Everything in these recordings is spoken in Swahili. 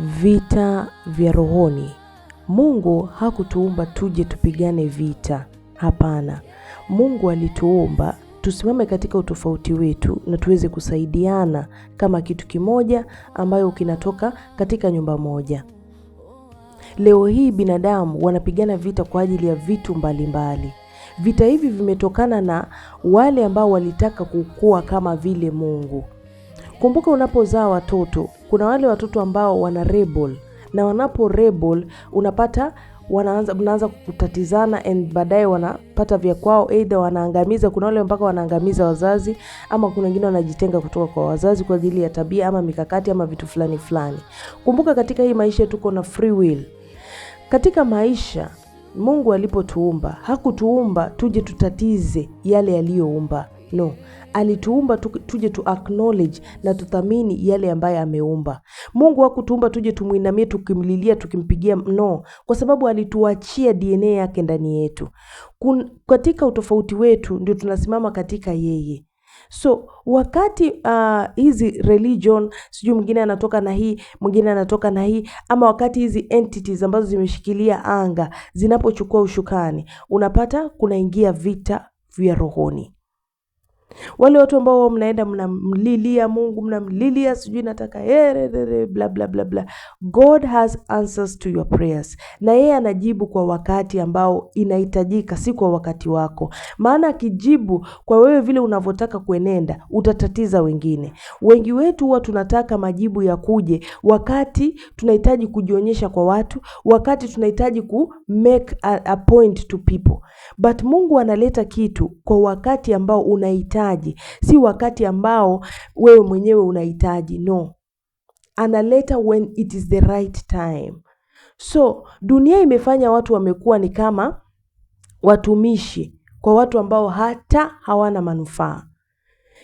vita vya rohoni. Mungu hakutuumba tuje tupigane vita, hapana. Mungu alituumba tusimame katika utofauti wetu na tuweze kusaidiana kama kitu kimoja ambayo kinatoka katika nyumba moja. Leo hii binadamu wanapigana vita kwa ajili ya vitu mbalimbali mbali. Vita hivi vimetokana na wale ambao walitaka kukua kama vile Mungu. Kumbuka, unapozaa watoto kuna wale watoto ambao wana rebel na wanapo rebel unapata wanaanza mnaanza kutatizana and baadaye wanapata vya kwao, aidha wanaangamiza. Kuna wale mpaka wanaangamiza wazazi, ama kuna wengine wanajitenga kutoka kwa wazazi kwa ajili ya tabia ama mikakati ama vitu fulani fulani. Kumbuka katika hii maisha tuko na free will. Katika maisha Mungu alipotuumba hakutuumba tuje tutatize yale aliyoumba. No, alituumba tuje tu acknowledge na tuthamini yale ambayo ameumba. Mungu hakutuumba tuje tumwinamie tukimlilia tukimpigia no, kwa sababu alituachia DNA yake ndani yetu. Kun, katika utofauti wetu ndio tunasimama katika yeye. So wakati uh, religion sijui mwingine anatoka na hii mwingine anatoka na hii ama wakati hizi entities ambazo zimeshikilia anga zinapochukua ushukani, unapata kunaingia vita vya rohoni. Wale watu ambao mnaenda mnamlilia Mungu, mnamlilia sijui nataka here bla bla bla bla, God has answers to your prayers, na yeye anajibu kwa wakati ambao inahitajika, si kwa wakati wako. Maana akijibu kwa wewe vile unavyotaka kuenenda, utatatiza wengine. Wengi wetu huwa tunataka majibu ya kuje wakati tunahitaji kujionyesha kwa watu, wakati tunahitaji ku make a, a point to people, but Mungu analeta kitu kwa wakati ambao unahitaji unahitaji, si wakati ambao wewe mwenyewe unahitaji. No, analeta when it is the right time. So dunia imefanya watu wamekuwa ni kama watumishi kwa watu ambao hata hawana manufaa.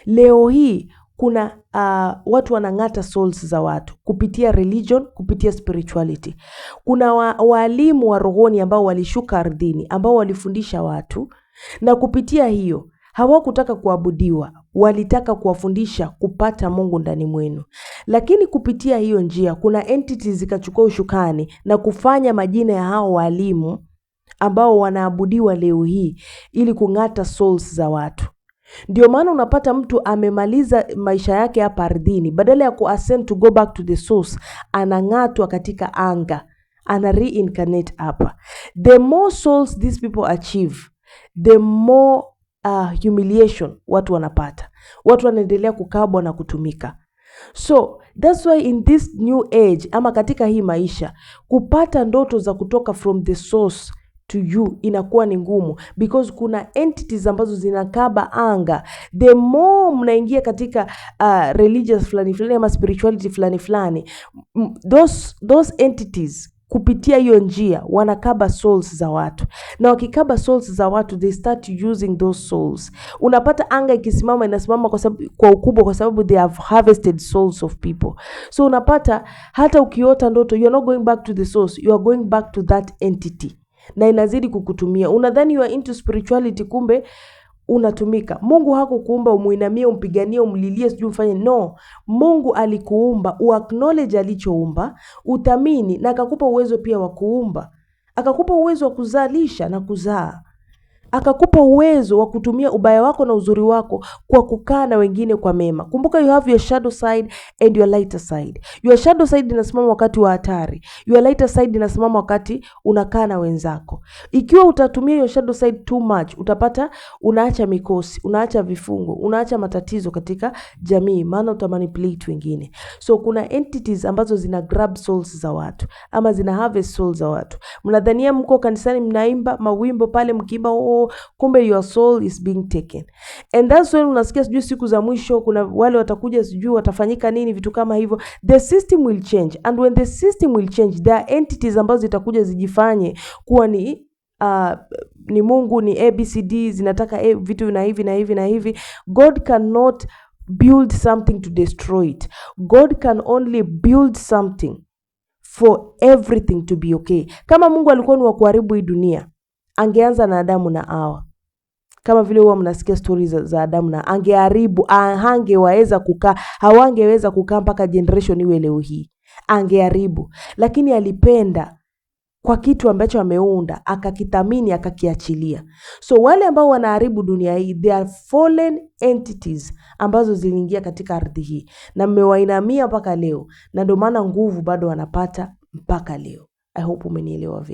Leo hii kuna uh, watu wanang'ata souls za watu kupitia religion, kupitia spirituality. Kuna wa, waalimu wa rohoni ambao walishuka ardhini ambao walifundisha watu na kupitia hiyo Hawakutaka kuabudiwa, walitaka kuwafundisha kupata Mungu ndani mwenu. Lakini kupitia hiyo njia, kuna entities zikachukua ushukani na kufanya majina ya hao walimu ambao wanaabudiwa leo hii ili kung'ata souls za watu. Ndio maana unapata mtu amemaliza maisha yake hapa ardhini, badala ya ku ascend to go back to the source, anang'atwa katika anga, ana reincarnate hapa. The more souls these people achieve, the more uh, humiliation watu wanapata, watu wanaendelea kukabwa na kutumika. So that's why in this new age, ama katika hii maisha, kupata ndoto za kutoka from the source to you inakuwa ni ngumu because kuna entities ambazo zinakaba anga. The more mnaingia katika uh, religious fulani fulani ama spirituality fulani fulani, those, those entities kupitia hiyo njia wanakaba souls za watu, na wakikaba souls za watu they start using those souls. Unapata anga ikisimama inasimama kwa sababu, kwa ukubwa, kwa sababu they have harvested souls of people. So unapata hata ukiota ndoto you are not going back to the source, you are going back to that entity, na inazidi kukutumia. Unadhani you are into spirituality, kumbe unatumika. Mungu hakukuumba umuinamie, umpiganie, umlilie, sijui mfanye. No, Mungu alikuumba uacknowledge alichoumba, utamini, na akakupa uwezo pia wa kuumba, akakupa uwezo wa kuzalisha na kuzaa akakupa uwezo wa kutumia ubaya wako na uzuri wako kwa kukaa na wengine kwa mema. Kumbuka, you have your shadow side and your lighter side. Your shadow side inasimama wakati wa hatari, your lighter side inasimama wakati unakaa na wenzako. Ikiwa utatumia your shadow side too much, utapata unaacha mikosi, unaacha vifungo, unaacha matatizo katika jamii, maana utamanipulate wengine. So kuna entities ambazo zina grab souls za watu ama zina harvest souls za watu. Mnadhania mko kanisani mnaimba mawimbo pale mkiimba oh, kumbe your soul is being taken and that's when unasikia sijui siku za mwisho kuna wale watakuja sijui watafanyika nini, vitu kama hivyo. The system will change and when the system will change, there are entities ambazo zitakuja zijifanye kuwa ni uh, ni Mungu ni ABCD zinataka eh, vitu na hivi na hivi na hivi. God cannot build something to destroy it. God can only build something for everything to be okay. Kama Mungu alikuwa ni wa kuharibu hii dunia angeanza na Adamu na Hawa kama vile huwa mnasikia stori za, za Adamu na angeharibu, hangeweza kukaa, hawangeweza kukaa mpaka generation iwe leo hii, angeharibu. Lakini alipenda kwa kitu ambacho ameunda, akakithamini, akakiachilia. So wale ambao wanaharibu dunia hii, they are fallen entities ambazo ziliingia katika ardhi hii na mmewainamia mpaka leo, na ndio maana nguvu bado wanapata mpaka leo. I hope umenielewa